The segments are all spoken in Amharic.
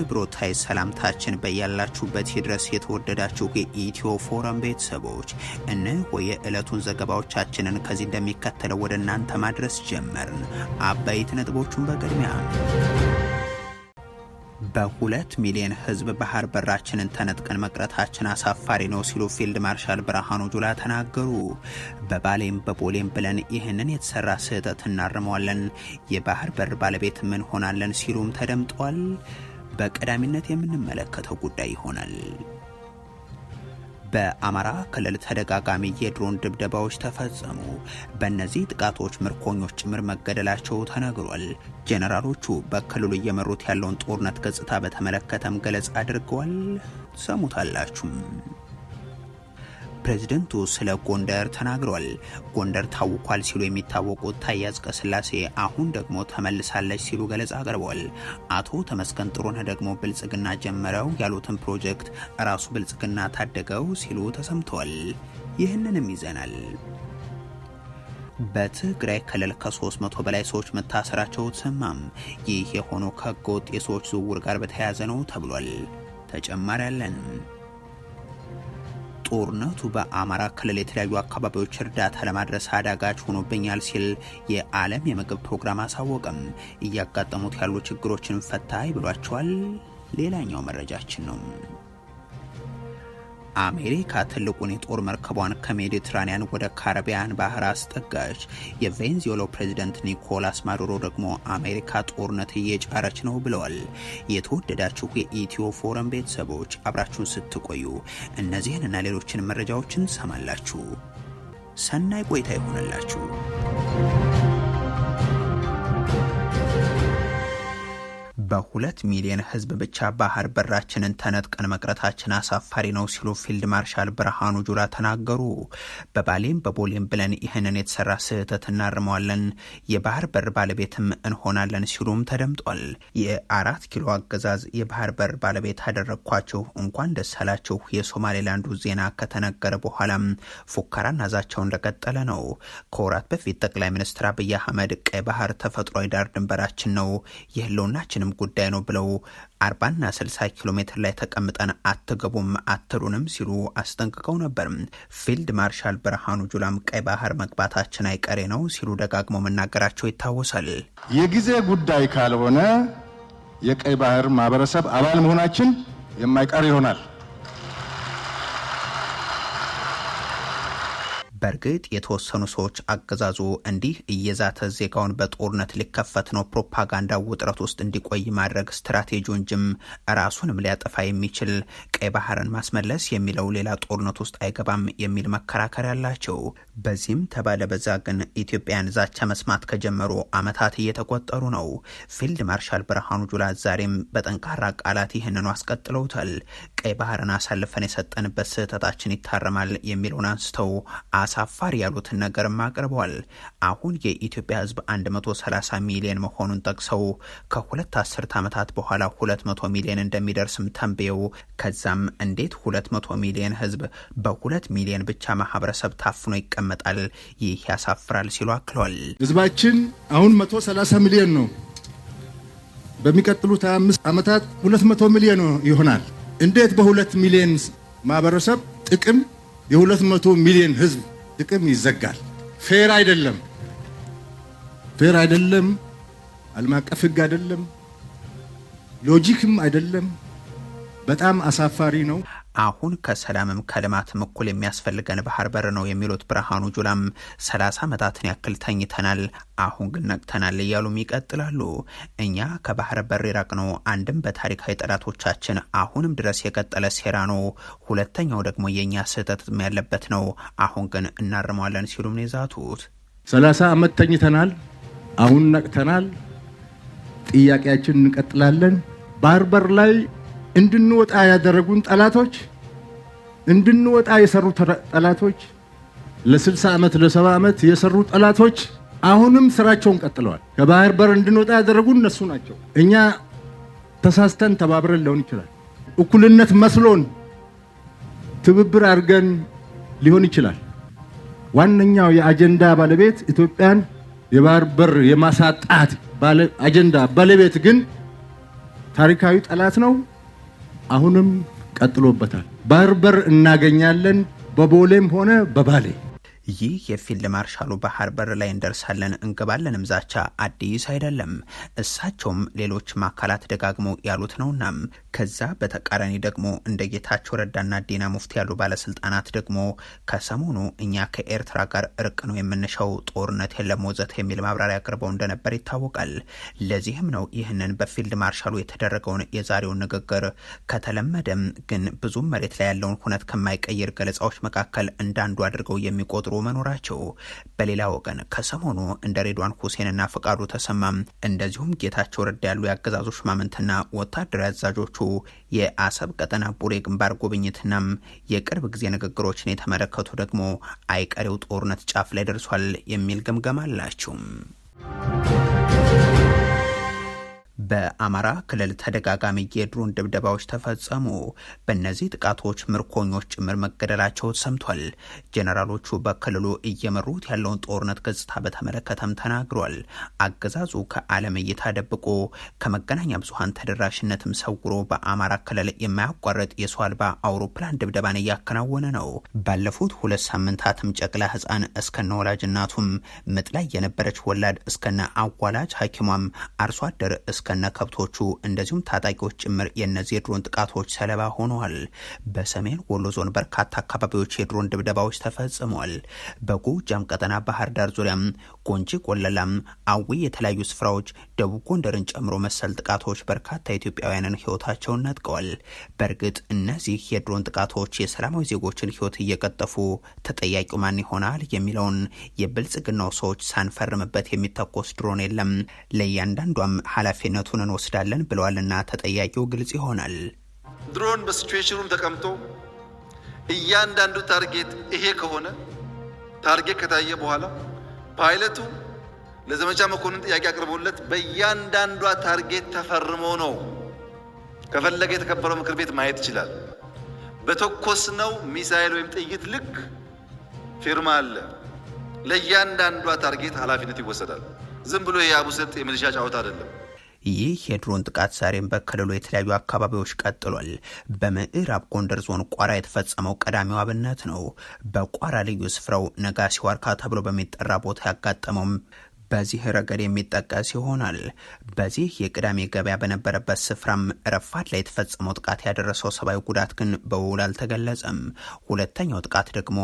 ክብሮታይ ሰላምታችን በያላችሁበት ይድረስ። የተወደዳችሁ የኢትዮ ፎረም ቤተሰቦች እነሆ የዕለቱን ዘገባዎቻችንን ከዚህ እንደሚከተለው ወደ እናንተ ማድረስ ጀመርን። አበይት ነጥቦቹን በቅድሚያ በሁለት ሚሊዮን ህዝብ ባህር በራችንን ተነጥቀን መቅረታችን አሳፋሪ ነው ሲሉ ፊልድ ማርሻል ብርሃኑ ጁላ ተናገሩ። በባሌም በቦሌም ብለን ይህንን የተሰራ ስህተት እናርመዋለን፣ የባህር በር ባለቤት ምን ሆናለን ሲሉም ተደምጧል። በቀዳሚነት የምንመለከተው ጉዳይ ይሆናል። በአማራ ክልል ተደጋጋሚ የድሮን ድብደባዎች ተፈጸሙ። በእነዚህ ጥቃቶች ምርኮኞች ጭምር መገደላቸው ተነግሯል። ጄኔራሎቹ በክልሉ እየመሩት ያለውን ጦርነት ገጽታ በተመለከተም ገለጻ አድርገዋል። ሰሙታላችሁም። ፕሬዝደንቱ ስለ ጎንደር ተናግሯል። ጎንደር ታውኳል ሲሉ የሚታወቁት ታዬ አጽቀሥላሴ አሁን ደግሞ ተመልሳለች ሲሉ ገለጻ አቅርበዋል። አቶ ተመስገን ጥሩነህ ደግሞ ብልጽግና ጀመረው ያሉትን ፕሮጀክት ራሱ ብልጽግና ታደገው ሲሉ ተሰምተዋል። ይህንንም ይዘናል። በትግራይ ክልል ከ300 በላይ ሰዎች መታሰራቸው ተሰማም። ይህ የሆነው ከህገወጥ የሰዎች ዝውውር ጋር በተያያዘ ነው ተብሏል። ተጨማሪ አለን። ጦርነቱ በአማራ ክልል የተለያዩ አካባቢዎች እርዳታ ለማድረስ አዳጋች ሆኖብኛል ሲል የዓለም የምግብ ፕሮግራም አሳወቀም። እያጋጠሙት ያሉ ችግሮችን ፈታይ ብሏቸዋል። ሌላኛው መረጃችን ነው። አሜሪካ ትልቁን የጦር መርከቧን ከሜዲትራኒያን ወደ ካረቢያን ባህር አስጠጋች። የቬንዙዌላው ፕሬዚደንት ኒኮላስ ማዱሮ ደግሞ አሜሪካ ጦርነት እየጫረች ነው ብለዋል። የተወደዳችሁ የኢትዮ ፎረም ቤተሰቦች አብራችሁን ስትቆዩ እነዚህንና ሌሎችን መረጃዎችን ሰማላችሁ። ሰናይ ቆይታ ይሆንላችሁ። በሁለት ሚሊዮን ህዝብ ብቻ ባህር በራችንን ተነጥቀን መቅረታችን አሳፋሪ ነው ሲሉ ፊልድ ማርሻል ብርሃኑ ጁላ ተናገሩ። በባሌም በቦሌም ብለን ይህንን የተሰራ ስህተት እናርመዋለን፣ የባህር በር ባለቤትም እንሆናለን ሲሉም ተደምጧል። የአራት ኪሎ አገዛዝ የባህር በር ባለቤት አደረግኳችሁ እንኳን ደስ አላችሁ የሶማሌላንዱ ዜና ከተነገረ በኋላም ፉከራና ዛቻው እንደቀጠለ ነው። ከወራት በፊት ጠቅላይ ሚኒስትር አብይ አህመድ ቀይ ባህር ተፈጥሯዊ ዳር ድንበራችን ነው የህልውናችንም ጉዳይ ነው ብለው አርባና ስልሳ ኪሎ ሜትር ላይ ተቀምጠን አትገቡም አትሉንም ሲሉ አስጠንቅቀው ነበር። ፊልድ ማርሻል ብርሃኑ ጁላም ቀይ ባህር መግባታችን አይቀሬ ነው ሲሉ ደጋግሞ መናገራቸው ይታወሳል። የጊዜ ጉዳይ ካልሆነ የቀይ ባህር ማህበረሰብ አባል መሆናችን የማይቀር ይሆናል። በእርግጥ የተወሰኑ ሰዎች አገዛዙ እንዲህ እየዛተ ዜጋውን በጦርነት ሊከፈት ነው ፕሮፓጋንዳ ውጥረት ውስጥ እንዲቆይ ማድረግ ስትራቴጂውን እንጂም ራሱንም ሊያጠፋ የሚችል ቀይ ባህርን ማስመለስ የሚለው ሌላ ጦርነት ውስጥ አይገባም የሚል መከራከሪያ አላቸው። በዚህም ተባለ በዛ ግን ኢትዮጵያን ዛቻ መስማት ከጀመሩ አመታት እየተቆጠሩ ነው። ፊልድ ማርሻል ብርሃኑ ጁላ ዛሬም በጠንካራ ቃላት ይህንኑ አስቀጥለውታል። ቀይ ባህርን አሳልፈን የሰጠንበት ስህተታችን ይታረማል የሚለውን አንስተው አሳፋሪ ያሉትን ነገርም አቅርበዋል። አሁን የኢትዮጵያ ህዝብ 130 ሚሊዮን መሆኑን ጠቅሰው ከሁለት አስርት ዓመታት በኋላ 200 ሚሊዮን እንደሚደርስም ተንብየው ከዛም እንዴት 200 ሚሊዮን ሕዝብ በሁለት ሚሊዮን ብቻ ማህበረሰብ ታፍኖ ይቀመጣል? ይህ ያሳፍራል ሲሉ አክለዋል። ህዝባችን አሁን 130 ሚሊዮን ነው። በሚቀጥሉት 25 ዓመታት 200 ሚሊዮን ይሆናል። እንዴት በሁለት ሚሊዮን ማህበረሰብ ጥቅም የ200 ሚሊዮን ህዝብ ጥቅም ይዘጋል። ፌር አይደለም፣ ፌር አይደለም። ዓለም አቀፍ ህግ አይደለም፣ ሎጂክም አይደለም። በጣም አሳፋሪ ነው። አሁን ከሰላምም ከልማትም እኩል የሚያስፈልገን ባህር በር ነው የሚሉት ብርሃኑ ጁላም ሰላሳ ዓመታትን ያክል ተኝተናል፣ አሁን ግን ነቅተናል እያሉም ይቀጥላሉ። እኛ ከባህር በር ራቅ ነው አንድም በታሪካዊ ጠላቶቻችን አሁንም ድረስ የቀጠለ ሴራ ነው፣ ሁለተኛው ደግሞ የእኛ ስህተትም ያለበት ነው። አሁን ግን እናርመዋለን ሲሉም ነው የዛቱት። ሰላሳ ዓመት ተኝተናል፣ አሁን ነቅተናል፣ ጥያቄያችን እንቀጥላለን ባህር በር ላይ እንድንወጣ ያደረጉን ጠላቶች እንድንወጣ የሰሩ ጠላቶች ለ60 ዓመት ለ70 ዓመት የሰሩ ጠላቶች አሁንም ስራቸውን ቀጥለዋል። ከባህር በር እንድንወጣ ያደረጉን እነሱ ናቸው። እኛ ተሳስተን ተባብረን ሊሆን ይችላል። እኩልነት መስሎን ትብብር አድርገን ሊሆን ይችላል። ዋነኛው የአጀንዳ ባለቤት ኢትዮጵያን የባህር በር የማሳጣት አጀንዳ ባለቤት ግን ታሪካዊ ጠላት ነው። አሁንም ቀጥሎበታል። በርበር እናገኛለን በቦሌም ሆነ በባሌ። ይህ የፊልድ ማርሻሉ ባህር በር ላይ እንደርሳለን እንገባለንም ዛቻ አዲስ አይደለም። እሳቸውም ሌሎችም አካላት ደጋግመው ያሉት ነውና ከዛ በተቃራኒ ደግሞ እንደ ጌታቸው ረዳና ዲና ሙፍቲ ያሉ ባለስልጣናት ደግሞ ከሰሞኑ እኛ ከኤርትራ ጋር እርቅ ነው የምንሻው ጦርነት የለም ወዘተ የሚል ማብራሪያ አቅርበው እንደነበር ይታወቃል። ለዚህም ነው ይህንን በፊልድ ማርሻሉ የተደረገውን የዛሬውን ንግግር ከተለመደም ግን ብዙም መሬት ላይ ያለውን ሁነት ከማይቀይር ገለጻዎች መካከል እንዳንዱ አድርገው የሚቆጥሩ መኖራቸው። በሌላ ወገን ከሰሞኑ እንደ ሬድዋን ሁሴንና ፈቃዱ ተሰማም እንደዚሁም ጌታቸው ረዳ ያሉ የአገዛዙ ሽማምንትና ወታደራዊ አዛዦቹ የአሰብ ቀጠና ቡሬ ግንባር ጉብኝትናም የቅርብ ጊዜ ንግግሮችን የተመለከቱ ደግሞ አይቀሬው ጦርነት ጫፍ ላይ ደርሷል የሚል ግምገማ አላቸው። በአማራ ክልል ተደጋጋሚ የድሮን ድብደባዎች ተፈጸሙ። በእነዚህ ጥቃቶች ምርኮኞች ጭምር መገደላቸው ሰምቷል። ጄኔራሎቹ በክልሉ እየመሩት ያለውን ጦርነት ገጽታ በተመለከተም ተናግሯል። አገዛዙ ከዓለም እይታ ደብቆ ከመገናኛ ብዙሀን ተደራሽነትም ሰውሮ በአማራ ክልል የማያቋረጥ የሰው አልባ አውሮፕላን ድብደባን እያከናወነ ነው። ባለፉት ሁለት ሳምንታትም ጨቅላ ህፃን እስከነ ወላጅ እናቱም ምጥ ላይ የነበረች ወላድ እስከነ አዋላጅ ሐኪሟም አርሶ አደር እስከ ከነ ከብቶቹ እንደዚሁም ታጣቂዎች ጭምር የእነዚህ የድሮን ጥቃቶች ሰለባ ሆነዋል። በሰሜን ወሎ ዞን በርካታ አካባቢዎች የድሮን ድብደባዎች ተፈጽመዋል። በጎጃም ቀጠና ባህር ዳር ዙሪያም ጎንጂ ቆለላም፣ አዊ የተለያዩ ስፍራዎች ደቡብ ጎንደርን ጨምሮ መሰል ጥቃቶች በርካታ ኢትዮጵያውያንን ህይወታቸውን ነጥቀዋል። በእርግጥ እነዚህ የድሮን ጥቃቶች የሰላማዊ ዜጎችን ህይወት እየቀጠፉ ተጠያቂው ማን ይሆናል የሚለውን የብልጽግናው ሰዎች ሳንፈርምበት የሚተኮስ ድሮን የለም፣ ለእያንዳንዷም ኃላፊነቱን እንወስዳለን ብለዋልና ተጠያቂው ግልጽ ይሆናል። ድሮን በሲትዌሽኑም ተቀምጦ እያንዳንዱ ታርጌት ይሄ ከሆነ ታርጌት ከታየ በኋላ ፓይለቱ ለዘመቻ መኮንን ጥያቄ አቅርቦለት በእያንዳንዷ ታርጌት ተፈርሞ ነው። ከፈለገ የተከበረው ምክር ቤት ማየት ይችላል። በተኮስ ነው ሚሳኤል ወይም ጥይት ልክ ፊርማ አለ። ለእያንዳንዷ ታርጌት ኃላፊነት ይወሰዳል። ዝም ብሎ የአቡሰጥ የሚሊሻ ጫወት አይደለም። ይህ የድሮን ጥቃት ዛሬም በክልሉ የተለያዩ አካባቢዎች ቀጥሏል። በምዕራብ ጎንደር ዞን ቋራ የተፈጸመው ቀዳሚው አብነት ነው። በቋራ ልዩ ስፍራው ነጋሲ ዋርካ ተብሎ በሚጠራ ቦታ ያጋጠመውም በዚህ ረገድ የሚጠቀስ ይሆናል። በዚህ የቅዳሜ ገበያ በነበረበት ስፍራም ረፋድ ላይ የተፈጸመው ጥቃት ያደረሰው ሰብአዊ ጉዳት ግን በውል አልተገለጸም። ሁለተኛው ጥቃት ደግሞ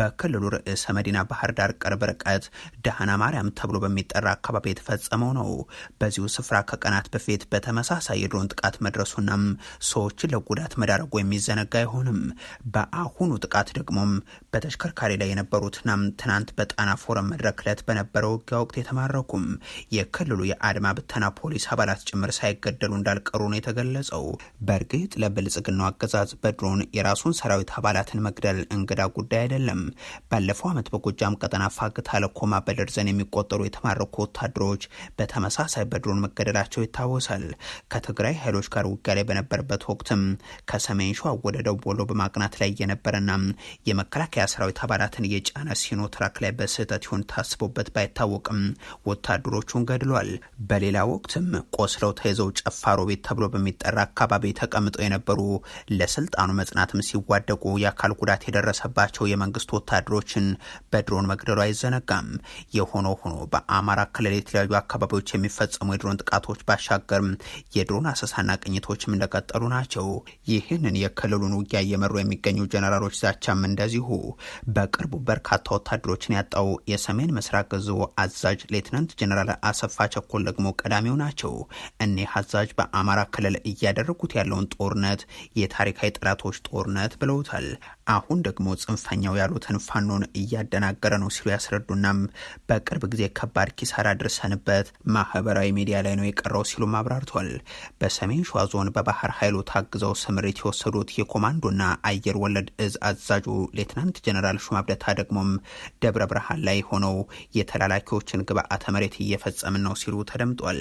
በክልሉ ርዕሰ መዲና ባህር ዳር ቅርብ ርቀት ደህና ማርያም ተብሎ በሚጠራ አካባቢ የተፈጸመው ነው። በዚሁ ስፍራ ከቀናት በፊት በተመሳሳይ የድሮን ጥቃት መድረሱናም ሰዎችን ለጉዳት መዳረጉ የሚዘነጋ አይሆንም። በአሁኑ ጥቃት ደግሞም በተሽከርካሪ ላይ የነበሩትናም ትናንት በጣና ፎረም መድረክ ዕለት በነበረው ውጊያ ወቅት አልተማረኩም። የክልሉ የአድማ ብተና ፖሊስ አባላት ጭምር ሳይገደሉ እንዳልቀሩ ነው የተገለጸው። በእርግጥ ለብልጽግናው አገዛዝ በድሮን የራሱን ሰራዊት አባላትን መግደል እንግዳ ጉዳይ አይደለም። ባለፈው ዓመት በጎጃም ቀጠና ፋግታ ለኮማ በደርዘን የሚቆጠሩ የተማረኩ ወታደሮች በተመሳሳይ በድሮን መገደላቸው ይታወሳል። ከትግራይ ኃይሎች ጋር ውጊያ ላይ በነበረበት ወቅትም ከሰሜን ሸዋ ወደ ደቡብ ወሎ በማቅናት ላይ የነበረና የመከላከያ ሰራዊት አባላትን የጫነ ትራክ ላይ በስህተት ይሆን ታስቦበት ባይታወቅም ወታደሮቹን ገድሏል። በሌላ ወቅትም ቆስለው ተይዘው ጨፋሮ ቤት ተብሎ በሚጠራ አካባቢ ተቀምጠው የነበሩ ለስልጣኑ መጽናትም ሲዋደቁ የአካል ጉዳት የደረሰባቸው የመንግስት ወታደሮችን በድሮን መግደሉ አይዘነጋም። የሆነ ሆኖ በአማራ ክልል የተለያዩ አካባቢዎች የሚፈጸሙ የድሮን ጥቃቶች ባሻገር የድሮን አሰሳና ቅኝቶችም እንደቀጠሉ ናቸው። ይህንን የክልሉን ውጊያ እየመሩ የሚገኙ ጀነራሎች ዛቻም እንደዚሁ በቅርቡ በርካታ ወታደሮችን ያጣው የሰሜን ምስራቅ እዝ አዛዥ ሌትናንት ጀነራል አሰፋ ቸኮል ደግሞ ቀዳሚው ናቸው። እኒህ አዛዥ በአማራ ክልል እያደረጉት ያለውን ጦርነት የታሪካዊ ጠላቶች ጦርነት ብለውታል። አሁን ደግሞ ጽንፈኛው ያሉትን ፋኖን እያደናገረ ነው ሲሉ ያስረዱናም በቅርብ ጊዜ ከባድ ኪሳራ ደርሰንበት ማህበራዊ ሚዲያ ላይ ነው የቀረው ሲሉ አብራርቷል። በሰሜን ሸዋ ዞን በባህር ኃይሉ ታግዘው ስምሪት የወሰዱት የኮማንዶና አየር ወለድ እዝ አዛዡ ሌትናንት ጀነራል ሹማብደታ ደግሞም ደብረ ብርሃን ላይ ሆነው የተላላኪዎችን ግባ በአተ መሬት እየፈጸምን ነው ሲሉ ተደምጧል።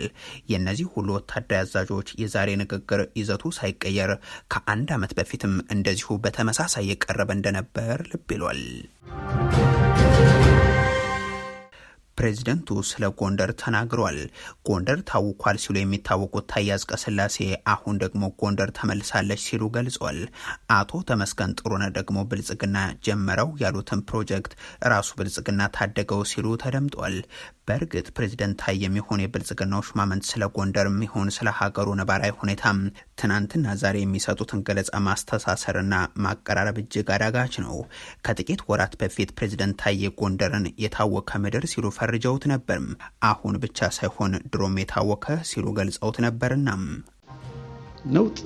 የእነዚህ ሁሉ ወታደራዊ አዛዦች የዛሬ ንግግር ይዘቱ ሳይቀየር ከአንድ ዓመት በፊትም እንደዚሁ በተመሳሳይ የቀረበ እንደነበር ልብ ይሏል። ፕሬዚደንቱ ስለ ጎንደር ተናግረዋል። ጎንደር ታውኳል ሲሉ የሚታወቁት ታዬ አጽቀሥላሴ አሁን ደግሞ ጎንደር ተመልሳለች ሲሉ ገልጿል። አቶ ተመስገን ጥሩነህ ደግሞ ብልጽግና ጀመረው ያሉትን ፕሮጀክት ራሱ ብልጽግና ታደገው ሲሉ ተደምጧል። በእርግጥ ፕሬዚደንት ታዬ የሚሆን የብልጽግናው ሹማምንት ስለ ጎንደር የሚሆን ስለ ሀገሩ ነባራዊ ሁኔታም ትናንትና ዛሬ የሚሰጡትን ገለጻ ማስተሳሰርና ማቀራረብ እጅግ አዳጋች ነው። ከጥቂት ወራት በፊት ፕሬዚደንት ታዬ ጎንደርን የታወከ ምድር ሲሉ ፈርጀውት ነበር። አሁን ብቻ ሳይሆን ድሮም የታወቀ ሲሉ ገልጸውት ነበርና ነውጥ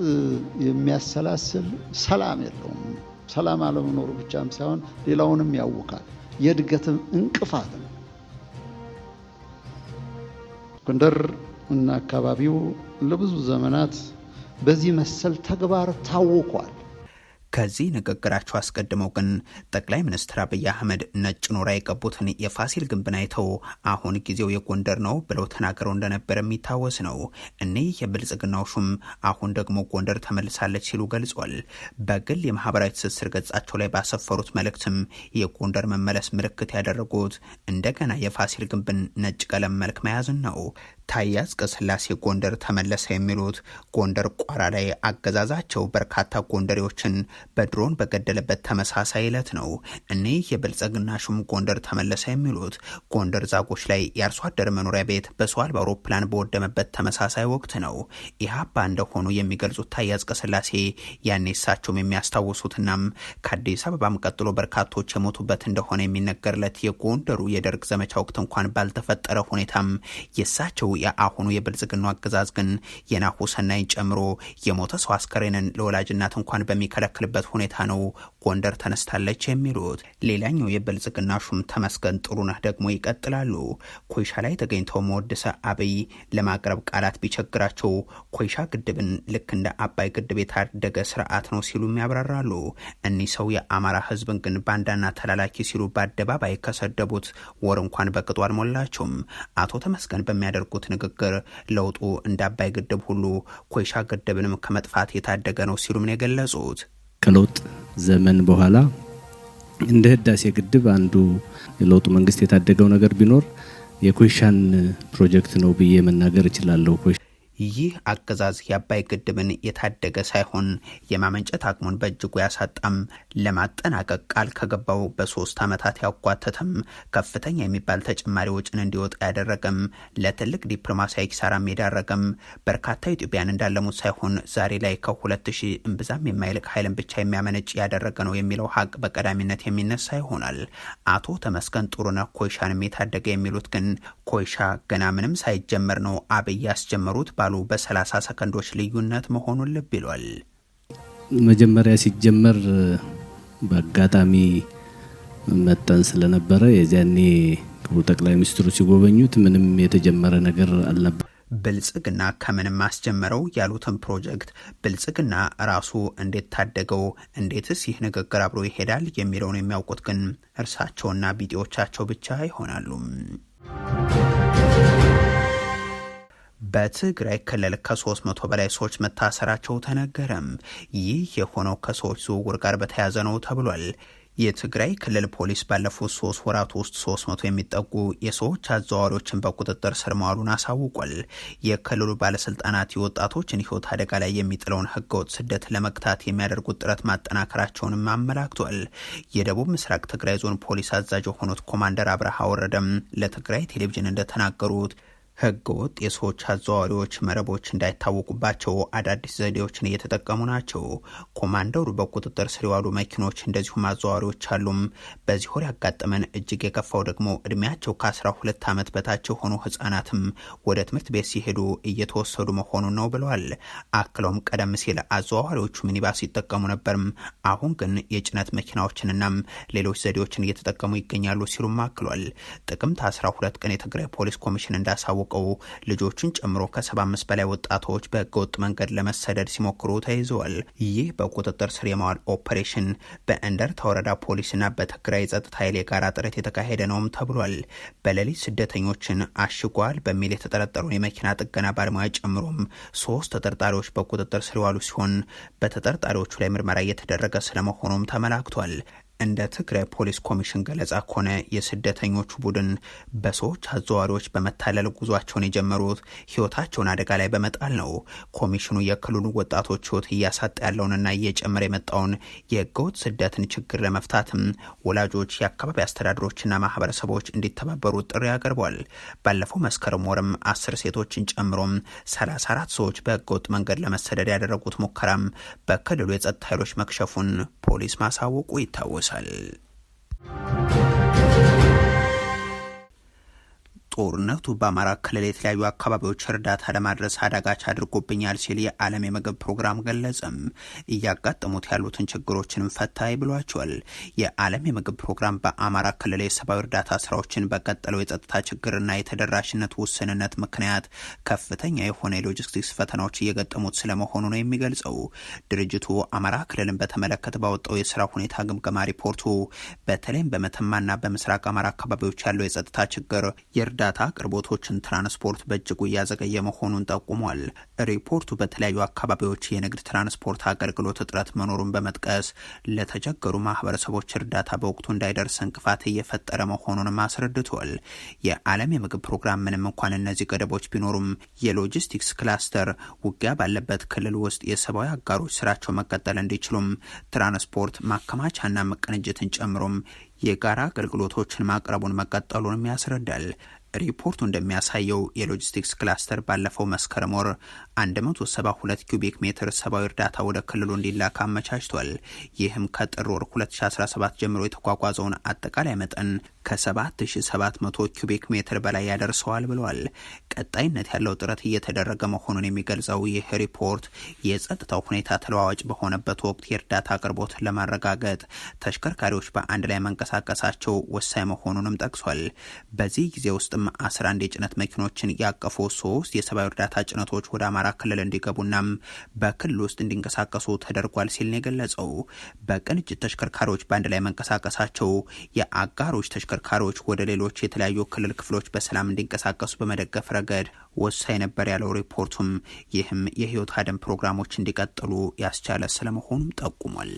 የሚያሰላስል ሰላም የለውም። ሰላም አለመኖሩ ብቻም ሳይሆን ሌላውንም ያውካል። የእድገትም እንቅፋት ነው። ጎንደር እና አካባቢው ለብዙ ዘመናት በዚህ መሰል ተግባር ታውቋል። ከዚህ ንግግራቸው አስቀድመው ግን ጠቅላይ ሚኒስትር አብይ አህመድ ነጭ ኖራ የገቡትን የፋሲል ግንብን አይተው አሁን ጊዜው የጎንደር ነው ብለው ተናግረው እንደነበር የሚታወስ ነው። እኒህ የብልጽግናው ሹም አሁን ደግሞ ጎንደር ተመልሳለች ሲሉ ገልጿል። በግል የማህበራዊ ትስስር ገጻቸው ላይ ባሰፈሩት መልእክትም የጎንደር መመለስ ምልክት ያደረጉት እንደገና የፋሲል ግንብን ነጭ ቀለም መልክ መያዝን ነው። ታዬ አጽቀሥላሴ ጎንደር ተመለሰ የሚሉት ጎንደር ቋራ ላይ አገዛዛቸው በርካታ ጎንደሬዎችን በድሮን በገደለበት ተመሳሳይ ዕለት ነው። እኔ የብልጽግና ሹም ጎንደር ተመለሰ የሚሉት ጎንደር ዛጎች ላይ የአርሶ አደር መኖሪያ ቤት በሰው አልባ አውሮፕላን በወደመበት ተመሳሳይ ወቅት ነው። ኢህአፓ እንደሆኑ የሚገልጹት ታዬ አጽቀሥላሴ ያኔ እሳቸውም የሚያስታውሱትናም ከአዲስ አበባም ቀጥሎ በርካቶች የሞቱበት እንደሆነ የሚነገርለት የጎንደሩ የደርግ ዘመቻ ወቅት እንኳን ባልተፈጠረ ሁኔታም የእሳቸው የአሁኑ የብልጽግና አገዛዝ ግን የናሁ ሰናይን ጨምሮ የሞተ ሰው አስከሬንን ለወላጅናት እንኳን በሚከለክልበት ሁኔታ ነው ጎንደር ተነስታለች የሚሉት ሌላኛው የብልጽግና ሹም ተመስገን ጥሩነህ ደግሞ ይቀጥላሉ። ኮይሻ ላይ ተገኝተው መወድሰ አብይ ለማቅረብ ቃላት ቢቸግራቸው ኮይሻ ግድብን ልክ እንደ አባይ ግድብ የታደገ ስርዓት ነው ሲሉም ያብራራሉ። እኒህ ሰው የአማራ ህዝብን ግን ባንዳና ተላላኪ ሲሉ በአደባባይ ከሰደቡት ወር እንኳን በቅጡ አልሞላቸውም። አቶ ተመስገን በሚያደርጉት ንግግር ለውጡ እንደ አባይ ግድብ ሁሉ ኮይሻ ግድብንም ከመጥፋት የታደገ ነው ሲሉም ነው የገለጹት። ከለውጥ ዘመን በኋላ እንደ ህዳሴ ግድብ አንዱ የለውጡ መንግስት የታደገው ነገር ቢኖር የኮይሻን ፕሮጀክት ነው ብዬ መናገር እችላለሁ። ይህ አገዛዝ የአባይ ግድብን የታደገ ሳይሆን የማመንጨት አቅሙን በእጅጉ ያሳጣም፣ ለማጠናቀቅ ቃል ከገባው በሶስት ዓመታት ያጓተተም፣ ከፍተኛ የሚባል ተጨማሪ ወጭን እንዲወጣ ያደረገም፣ ለትልቅ ዲፕሎማሲያዊ ኪሳራም የዳረገም፣ በርካታ ኢትዮጵያን እንዳለሙት ሳይሆን ዛሬ ላይ ከሁለት ሺህ እምብዛም የማይልቅ ኃይልን ብቻ የሚያመነጭ ያደረገ ነው የሚለው ሀቅ በቀዳሚነት የሚነሳ ይሆናል። አቶ ተመስገን ጥሩነህ ኮይሻንም የታደገ የሚሉት ግን ኮይሻ ገና ምንም ሳይጀመር ነው አብይ ያስጀመሩት ባሉ መቻሉ በ30 ሰከንዶች ልዩነት መሆኑን ልብ ይሏል። መጀመሪያ ሲጀመር በአጋጣሚ መጠን ስለነበረ የዚያኔ ክቡር ጠቅላይ ሚኒስትሩ ሲጎበኙት ምንም የተጀመረ ነገር አልነበር። ብልጽግና ከምንም አስጀመረው ያሉትን ፕሮጀክት ብልጽግና ራሱ እንዴት ታደገው፣ እንዴትስ ይህ ንግግር አብሮ ይሄዳል የሚለውን የሚያውቁት ግን እርሳቸውና ቢጤዎቻቸው ብቻ ይሆናሉ። በትግራይ ክልል ከ300 በላይ ሰዎች መታሰራቸው ተነገረም። ይህ የሆነው ከሰዎች ዝውውር ጋር በተያያዘ ነው ተብሏል። የትግራይ ክልል ፖሊስ ባለፉት ሶስት ወራት ውስጥ 300 የሚጠጉ የሰዎች አዘዋዋሪዎችን በቁጥጥር ስር መዋሉን አሳውቋል። የክልሉ ባለስልጣናት የወጣቶችን ሕይወት አደጋ ላይ የሚጥለውን ህገወጥ ስደት ለመግታት የሚያደርጉት ጥረት ማጠናከራቸውንም አመላክቷል። የደቡብ ምስራቅ ትግራይ ዞን ፖሊስ አዛዥ የሆኑት ኮማንደር አብረሃ ወረደም ለትግራይ ቴሌቪዥን እንደተናገሩት ህገወጥ የሰዎች አዘዋዋሪዎች መረቦች እንዳይታወቁባቸው አዳዲስ ዘዴዎችን እየተጠቀሙ ናቸው። ኮማንደሩ በቁጥጥር ስር የዋሉ መኪኖች እንደዚሁም አዘዋዋሪዎች አሉም። በዚህ ወር ያጋጠመን እጅግ የከፋው ደግሞ እድሜያቸው ከ12 ዓመት በታች የሆኑ ህጻናትም ወደ ትምህርት ቤት ሲሄዱ እየተወሰዱ መሆኑን ነው ብለዋል። አክለውም ቀደም ሲል አዘዋዋሪዎቹ ሚኒባስ ይጠቀሙ ነበርም፣ አሁን ግን የጭነት መኪናዎችንና ሌሎች ዘዴዎችን እየተጠቀሙ ይገኛሉ ሲሉም አክሏል። ጥቅምት 12 ቀን የትግራይ ፖሊስ ኮሚሽን እንዳሳወቁ ታወቀው ልጆችን ጨምሮ ከ75 በላይ ወጣቶች በህገወጥ መንገድ ለመሰደድ ሲሞክሩ ተይዘዋል። ይህ በቁጥጥር ስር የማዋል ኦፕሬሽን በእንደርታ ወረዳ ፖሊስና በትግራይ ጸጥታ ኃይል የጋራ ጥረት የተካሄደ ነውም ተብሏል። በሌሊት ስደተኞችን አሽጓል በሚል የተጠረጠረውን የመኪና ጥገና ባለሙያ ጨምሮም ሶስት ተጠርጣሪዎች በቁጥጥር ስር የዋሉ ሲሆን በተጠርጣሪዎቹ ላይ ምርመራ እየተደረገ ስለመሆኑም ተመላክቷል። እንደ ትግራይ ፖሊስ ኮሚሽን ገለጻ ከሆነ የስደተኞቹ ቡድን በሰዎች አዘዋሪዎች በመታለል ጉዟቸውን የጀመሩት ህይወታቸውን አደጋ ላይ በመጣል ነው። ኮሚሽኑ የክልሉ ወጣቶች ህይወት እያሳጣ ያለውንና እየጨመረ የመጣውን የህገወጥ ስደትን ችግር ለመፍታትም ወላጆች፣ የአካባቢ አስተዳደሮችና ማህበረሰቦች እንዲተባበሩ ጥሪ አቅርቧል። ባለፈው መስከረም ወርም አስር ሴቶችን ጨምሮም 34 ሰዎች በህገወጥ መንገድ ለመሰደድ ያደረጉት ሙከራም በክልሉ የጸጥታ ኃይሎች መክሸፉን ፖሊስ ማሳወቁ ይታወሳል። مسلسل ጦርነቱ በአማራ ክልል የተለያዩ አካባቢዎች እርዳታ ለማድረስ አዳጋች አድርጎብኛል ሲል የዓለም የምግብ ፕሮግራም ገለጸም። እያጋጠሙት ያሉትን ችግሮችንም ፈታይ ብሏቸዋል። የዓለም የምግብ ፕሮግራም በአማራ ክልል የሰብአዊ እርዳታ ስራዎችን በቀጠለው የጸጥታ ችግርና የተደራሽነት ውስንነት ምክንያት ከፍተኛ የሆነ የሎጂስቲክስ ፈተናዎች እየገጠሙት ስለመሆኑ ነው የሚገልጸው። ድርጅቱ አማራ ክልልን በተመለከተ ባወጣው የስራ ሁኔታ ግምገማ ሪፖርቱ በተለይም በመተማና በምስራቅ አማራ አካባቢዎች ያለው የጸጥታ ችግር እርዳታ አቅርቦቶችን ትራንስፖርት በእጅጉ እያዘገየ መሆኑን ጠቁሟል። ሪፖርቱ በተለያዩ አካባቢዎች የንግድ ትራንስፖርት አገልግሎት እጥረት መኖሩን በመጥቀስ ለተቸገሩ ማህበረሰቦች እርዳታ በወቅቱ እንዳይደርስ እንቅፋት እየፈጠረ መሆኑንም አስረድቷል። የዓለም የምግብ ፕሮግራም ምንም እንኳን እነዚህ ገደቦች ቢኖሩም የሎጂስቲክስ ክላስተር ውጊያ ባለበት ክልል ውስጥ የሰብአዊ አጋሮች ስራቸው መቀጠል እንዲችሉም ትራንስፖርት ማከማቻና መቀንጀትን ጨምሮም የጋራ አገልግሎቶችን ማቅረቡን መቀጠሉንም ያስረዳል። ሪፖርቱ እንደሚያሳየው የሎጂስቲክስ ክላስተር ባለፈው መስከረም ወር 172 ኪዩቢክ ሜትር ሰብአዊ እርዳታ ወደ ክልሉ እንዲላክ አመቻችቷል። ይህም ከጥር ወር 2017 ጀምሮ የተጓጓዘውን አጠቃላይ መጠን ከ7700 ኪዩቢክ ሜትር በላይ ያደርሰዋል ብለዋል። ቀጣይነት ያለው ጥረት እየተደረገ መሆኑን የሚገልጸው ይህ ሪፖርት የጸጥታው ሁኔታ ተለዋዋጭ በሆነበት ወቅት የእርዳታ አቅርቦት ለማረጋገጥ ተሽከርካሪዎች በአንድ ላይ መንቀሳቀስ ማንቀሳቀሳቸው ወሳኝ መሆኑንም ጠቅሷል። በዚህ ጊዜ ውስጥም 11 የጭነት መኪኖችን ያቀፉ ሶስት የሰብአዊ እርዳታ ጭነቶች ወደ አማራ ክልል እንዲገቡና በክልል ውስጥ እንዲንቀሳቀሱ ተደርጓል ሲል ነው የገለጸው። በቅንጅት ተሽከርካሪዎች በአንድ ላይ መንቀሳቀሳቸው የአጋሮች ተሽከርካሪዎች ወደ ሌሎች የተለያዩ ክልል ክፍሎች በሰላም እንዲንቀሳቀሱ በመደገፍ ረገድ ወሳኝ ነበር ያለው ሪፖርቱም ይህም የህይወት አድን ፕሮግራሞች እንዲቀጥሉ ያስቻለ ስለመሆኑም ጠቁሟል።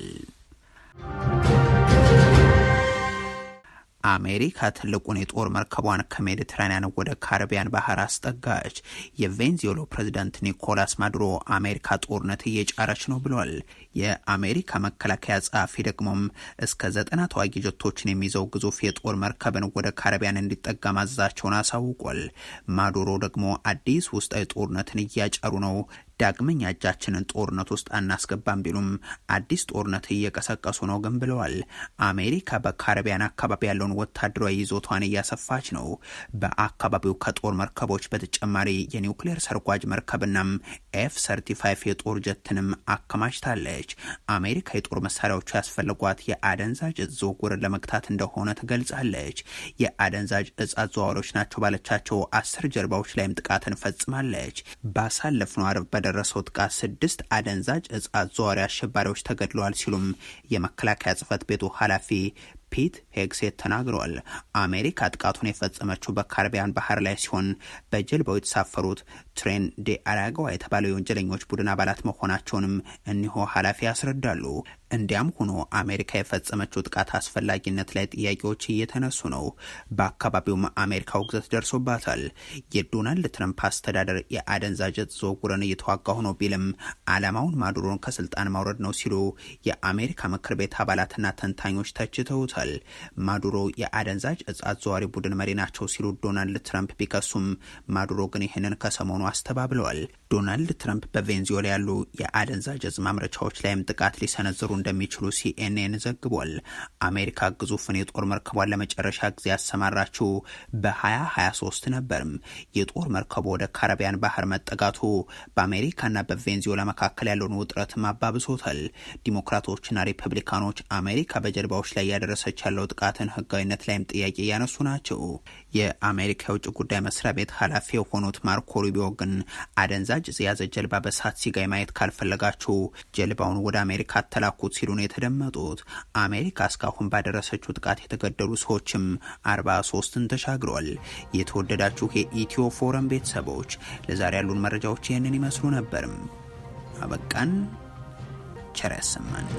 አሜሪካ ትልቁን የጦር መርከቧን ከሜዲትራኒያን ወደ ካርቢያን ባህር አስጠጋች። የቬንዙዌላ ፕሬዚዳንት ኒኮላስ ማዱሮ አሜሪካ ጦርነት እየጫረች ነው ብሏል። የአሜሪካ መከላከያ ጸሐፊ ደግሞም እስከ ዘጠና ተዋጊ ጀቶችን የሚይዘው ግዙፍ የጦር መርከብን ወደ ካርቢያን እንዲጠጋ ማዘዛቸውን አሳውቋል። ማዱሮ ደግሞ አዲስ ውስጣዊ ጦርነትን እያጫሩ ነው ዳግመኛ እጃችንን ጦርነት ውስጥ አናስገባም ቢሉም አዲስ ጦርነት እየቀሰቀሱ ነው ግን ብለዋል። አሜሪካ በካሪቢያን አካባቢ ያለውን ወታደራዊ ይዞቷን እያሰፋች ነው። በአካባቢው ከጦር መርከቦች በተጨማሪ የኒውክሌር ሰርጓጅ መርከብና ኤፍ 35 የጦር ጀትንም አከማችታለች። አሜሪካ የጦር መሳሪያዎቹ ያስፈልጓት የአደንዛዥ እጽ ዝውውርን ለመግታት እንደሆነ ትገልጻለች። የአደንዛዥ እጽ አዘዋዋሪዎች ናቸው ባለቻቸው አስር ጀልባዎች ላይም ጥቃትን ፈጽማለች። ባሳለፍነው አርብ ባደረሰው ጥቃት ስድስት አደንዛጭ እጽ አዘዋዋሪ አሸባሪዎች ተገድለዋል ሲሉም የመከላከያ ጽህፈት ቤቱ ኃላፊ ፒት ሄግሴት ተናግረዋል። አሜሪካ ጥቃቱን የፈጸመችው በካርቢያን ባህር ላይ ሲሆን በጀልባው የተሳፈሩት ትሬን ዴ አራጋዋ የተባለው የወንጀለኞች ቡድን አባላት መሆናቸውንም እኒሆ ኃላፊ ያስረዳሉ። እንዲያም ሆኖ አሜሪካ የፈጸመችው ጥቃት አስፈላጊነት ላይ ጥያቄዎች እየተነሱ ነው። በአካባቢውም አሜሪካ ውግዘት ደርሶባታል። የዶናልድ ትረምፕ አስተዳደር የአደንዛዥ እጽ ዝውውርን እየተዋጋሁ ነው ቢልም አላማውን ማዱሮን ከስልጣን ማውረድ ነው ሲሉ የአሜሪካ ምክር ቤት አባላትና ተንታኞች ተችተውታል። አስታውቋል። ማዱሮ የአደንዛዥ እጽ አዘዋሪ ቡድን መሪ ናቸው ሲሉ ዶናልድ ትራምፕ ቢከሱም ማዱሮ ግን ይህንን ከሰሞኑ አስተባብለዋል። ዶናልድ ትራምፕ በቬንዙዌላ ያሉ የአደንዛዥ ዕፅ ማምረቻዎች ላይም ጥቃት ሊሰነዝሩ እንደሚችሉ ሲኤንኤን ዘግቧል። አሜሪካ ግዙፍን የጦር መርከቧን ለመጨረሻ ጊዜ ያሰማራችው በ2023 ነበርም። የጦር መርከቡ ወደ ካረቢያን ባህር መጠጋቱ በአሜሪካና በቬንዙዌላ መካከል ያለውን ውጥረት አባብሶታል። ዲሞክራቶችና ሪፐብሊካኖች አሜሪካ በጀልባዎች ላይ ያደረሰች ያለው ጥቃትን ህጋዊነት ላይም ጥያቄ እያነሱ ናቸው። የአሜሪካ የውጭ ጉዳይ መስሪያ ቤት ኃላፊ የሆኑት ማርኮ ሩቢዮ ግን አደንዛ ጭስ የያዘ ጀልባ በሳት ሲጋይ ማየት ካልፈለጋችሁ ጀልባውን ወደ አሜሪካ አተላኩት ሲሉ ነው የተደመጡት። አሜሪካ እስካሁን ባደረሰችው ጥቃት የተገደሉ ሰዎችም 43ን ተሻግሯል። የተወደዳችሁ የኢትዮ ፎረም ቤተሰቦች ለዛሬ ያሉን መረጃዎች ይህንን ይመስሉ ነበርም። አበቃን። ቸር ያሰማን።